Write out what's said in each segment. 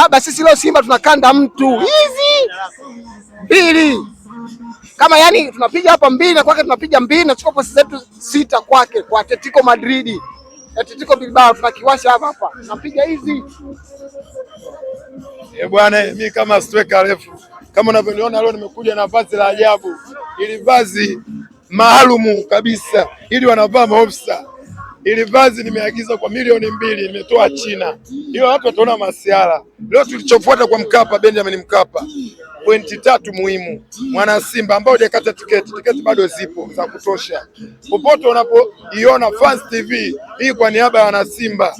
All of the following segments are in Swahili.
Baba, sisi leo Simba tunakanda mtu hizi mbili kama yani tunapiga hapa mbili na kwake tunapiga mbili na chukua zetu sita kwake, kwa Atletico Madrid, Atletico Bilbao tunakiwasha hapa hapa, tunapiga hizi eh bwana. Mimi kama striker refu, kama unavyoniona leo, nimekuja na vazi la ajabu, ili vazi maalumu kabisa, ili wanavaa maofisa ili vazi nimeagiza kwa milioni mbili imetoa China, hiyo watu wataona masiara. Leo tulichofuata kwa Mkapa, Benjamin Mkapa, pointi tatu muhimu, mwana Simba ambao hujakata tiketi, tiketi bado zipo za kutosha. Popote unapoiona Fans TV hii, kwa niaba ya wana Simba,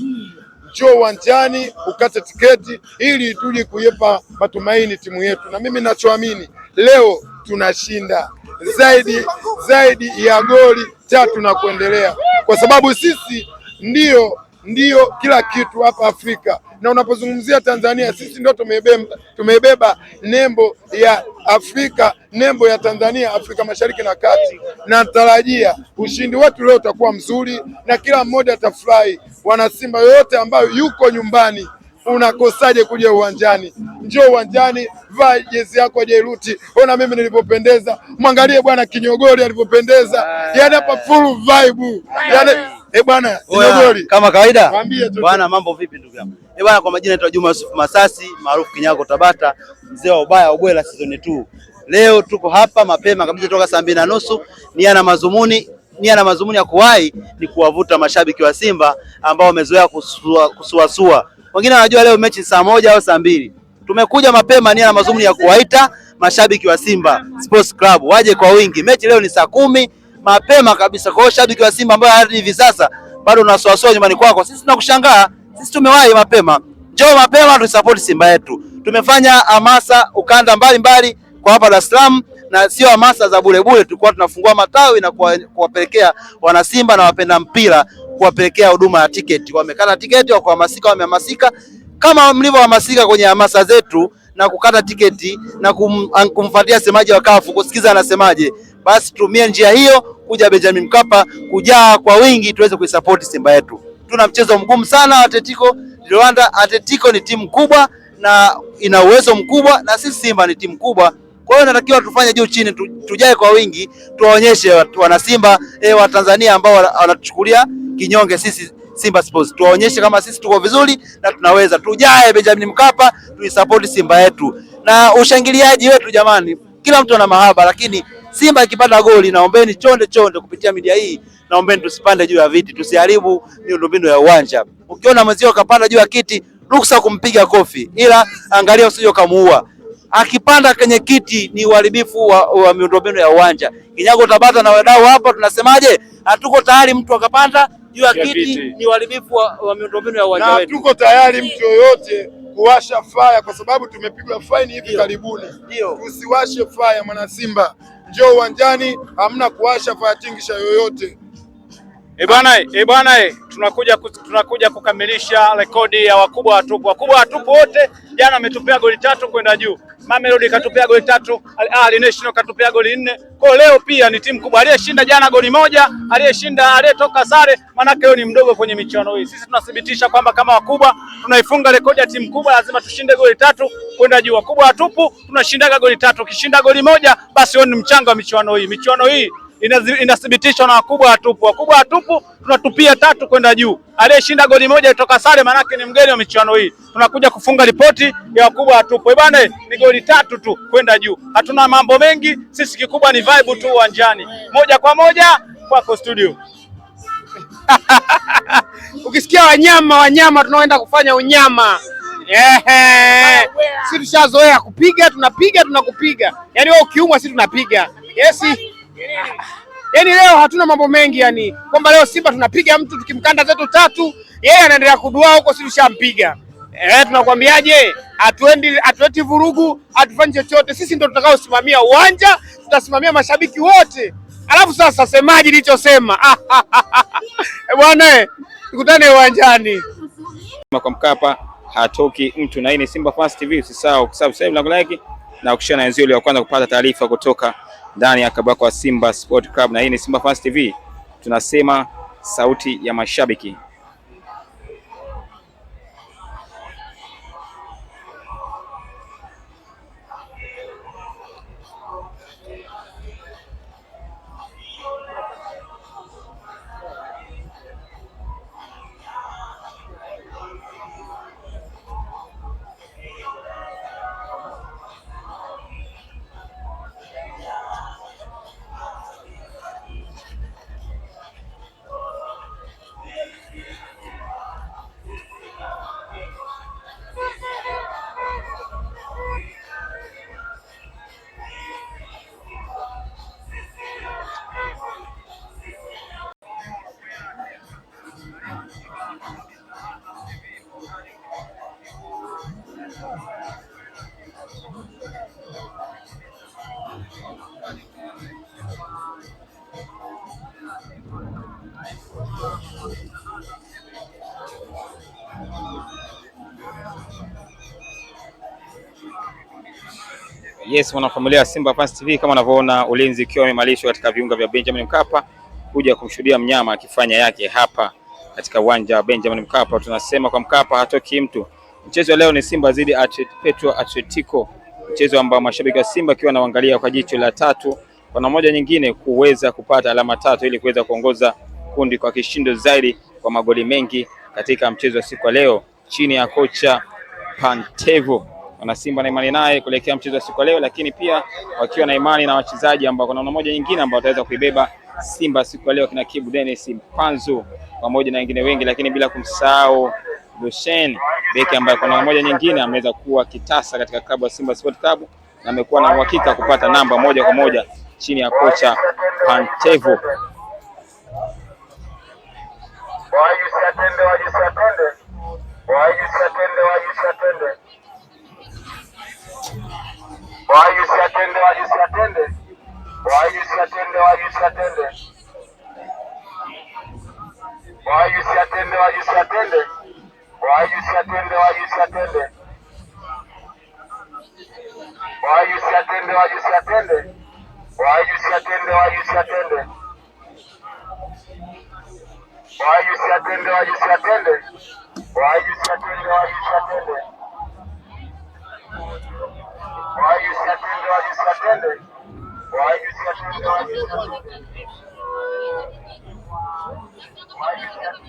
njoo uwanjani ukate tiketi ili tuje kuipa matumaini timu yetu, na mimi ninachoamini leo tunashinda zaidi zaidi ya goli tatu na kuendelea kwa sababu sisi ndio ndio kila kitu hapa Afrika, na unapozungumzia Tanzania, sisi ndio tumebeba tumebeba nembo ya Afrika, nembo ya Tanzania, Afrika Mashariki na Kati. na tarajia ushindi wetu leo utakuwa mzuri na kila mmoja atafurahi. Wanasimba yoyote ambayo yuko nyumbani unakosaje kuja uwanjani? Njoo uwanjani, vaa jezi yako ya Ona mimi nilipopendeza, mwangalie bwana Kinyogoli alivyopendeza, yani hapa full vibe yani. Eh bwana, Kinyogori, kama kawaida. Bwana mambo vipi ndugu yangu? Eh bwana, kwa majina naitwa Juma Yusuf Masasi maarufu Kinyago Tabata, mzee wa ubaya ubwela season 2. Leo tuko hapa mapema kabisa toka saa mbili na nusu mazumuni nia na mazumuni ya kuwahi ni kuwavuta mashabiki wa Simba ambao wamezoea kusuasua wengine wanajua leo mechi saa moja au saa mbili. Tumekuja mapema nia na mazumuni ya kuwaita mashabiki wa Simba Sports Club waje kwa wingi. Mechi leo ni saa kumi mapema kabisa. Kwa hiyo shabiki wa Simba ambaye hadi hivi sasa bado unasuasua nyumbani kwako, sisi tunakushangaa. Sisi tumewahi mapema, njoo mapema, support Simba yetu. Tumefanya hamasa ukanda mbalimbali mbali, kwa hapa Dar es Salaam na sio hamasa za bulebule. Tulikuwa tunafungua matawi na kuwapelekea wanasimba na wapenda mpira, kuwapelekea huduma ya tiketi. Wamekata tiketi, wakahamasika, wamehamasika kama mlivyohamasika kwenye hamasa zetu na kukata tiketi na kum, kumfuatia semaji wa kafu kusikiza anasemaje. Basi tumie njia hiyo kuja Benjamin Mkapa, kujaa kwa wingi, tuweze kuisapoti Simba yetu. Tuna mchezo mgumu sana Atletico Rwanda. Atletico ni timu kubwa na ina uwezo mkubwa, na sisi Simba ni timu kubwa. Kwa hiyo natakiwa tufanye juu chini, tujae kwa wingi, tuwaonyeshe wana Simba eh, wa Tanzania ambao wanatuchukulia kinyonge sisi Simba Sports, tuwaonyeshe kama sisi tuko vizuri na tunaweza. Tujae Benjamin Mkapa, tuisapoti Simba yetu na ushangiliaji wetu. Jamani, kila mtu ana mahaba, lakini Simba ikipata goli, naombeni chonde chonde kupitia media hii, naombeni tusipande juu ya viti, tusiharibu miundombinu ya uwanja. Ukiona mwenzio kapanda juu ya kiti, ruksa kumpiga kofi, ila angalia usije ukamuua akipanda kwenye kiti ni uharibifu wa, wa miundombinu ya uwanja. Kinyago Tabata na wadau hapa tunasemaje? Hatuko tayari mtu akapanda juu ya kiti, ni uharibifu wa, wa miundombinu ya uwanja wetu. Hatuko tayari mtu yoyote kuwasha faya kwa sababu tumepigwa faini hivi karibuni. Usiwashe faya, mwana Simba, njoo uwanjani, hamna kuwasha faya tingisha yoyote. E bwana, e bwana, eh, tunakuja tunakuja kukamilisha rekodi ya wakubwa watupu. Wakubwa watupu wote jana ametupea goli tatu kwenda juu. Mamelodi katupea goli tatu, Al Ahly National katupea goli nne. Kwa leo pia ni timu kubwa. Aliyeshinda jana goli moja, aliyeshinda aliyetoka sare, manake yeye ni mdogo kwenye michuano hii. Sisi tunathibitisha kwamba kama wakubwa tunaifunga rekodi ya timu kubwa, lazima tushinde goli tatu kwenda juu. Wakubwa watupu tunashindaga goli tatu, ukishinda goli moja basi wewe ni mchanga wa michuano hii. Michuano hii inathibitishwa na wakubwa watupu. Wakubwa watupu tunatupia tatu kwenda juu, aliyeshinda goli moja toka sare manake ni mgeni wa michuano hii. Tunakuja kufunga ripoti ya wakubwa watupu bwana, ni goli tatu tu kwenda juu, hatuna mambo mengi sisi, kikubwa ni vibe tu uwanjani. Moja kwa moja kwako studio. Ukisikia wanyama wanyama, tunaoenda kufanya unyama Yeah. Si tushazoea kupiga, tunapiga tunakupiga, yaani wewe ukiumwa, si tunapiga. Yes. Yaani leo hatuna mambo mengi yani kwamba leo Simba tunapiga mtu tukimkanda zetu tatu, yeye anaendelea kudua huko, si tushampiga. Eh, tunakwambiaje? Hatuendi, hatuleti vurugu, hatufanyi chochote. Sisi ndio tutakaosimamia uwanja, tutasimamia mashabiki wote. Alafu sasa semaji nilichosema eh, bwana, tukutane uwanjani kwa Mkapa hatoki mtu. Na hii ni Simba Fast TV, usisahau kusubscribe na like na na wenzio wa kwanza kupata taarifa kutoka ndani ya kabako wa Simba Sport Club, na hii ni Simba Fans TV, tunasema sauti ya mashabiki. Yes, mwanafamilia Simba Fans TV, kama unavyoona ulinzi ukiwa umemalishwa katika viunga vya Benjamin Mkapa kuja kumshuhudia mnyama akifanya yake hapa katika uwanja wa Benjamin Mkapa. Tunasema kwa Mkapa hatoki mtu. Mchezo leo ni Simba dhidi ya Petro Atletico, mchezo ambao mashabiki wa Simba akiwa wanaangalia kwa jicho la tatu kwa namna moja nyingine kuweza kupata alama tatu ili kuweza kuongoza kundi kwa kishindo zaidi kwa magoli mengi katika mchezo wa siku ya leo chini ya kocha Pantevo. Simba na imani naye kuelekea mchezo wa siku ya leo, lakini pia wakiwa na imani na wachezaji ambao kuna namna moja nyingine ambao wataweza kuibeba Simba siku ya leo, kina Kibu Dennis Mpanzu pamoja na wengine wengi, lakini bila kumsahau Lucien beki ambaye kwa namna moja nyingine ameweza kuwa kitasa katika klabu ya Simba Sport Club na amekuwa na uhakika kupata namba moja kwa moja chini ya kocha Pantevo. wewe. Waju siatende, waju siatende, waju siatende, waju siatende, waju siatende, waju siatende, waju siatende, waju siatende, waju siatende, waju siatende, waju siatende, waju siatende, waju siatende, waju siatende, waju siatende, waju siatende Why you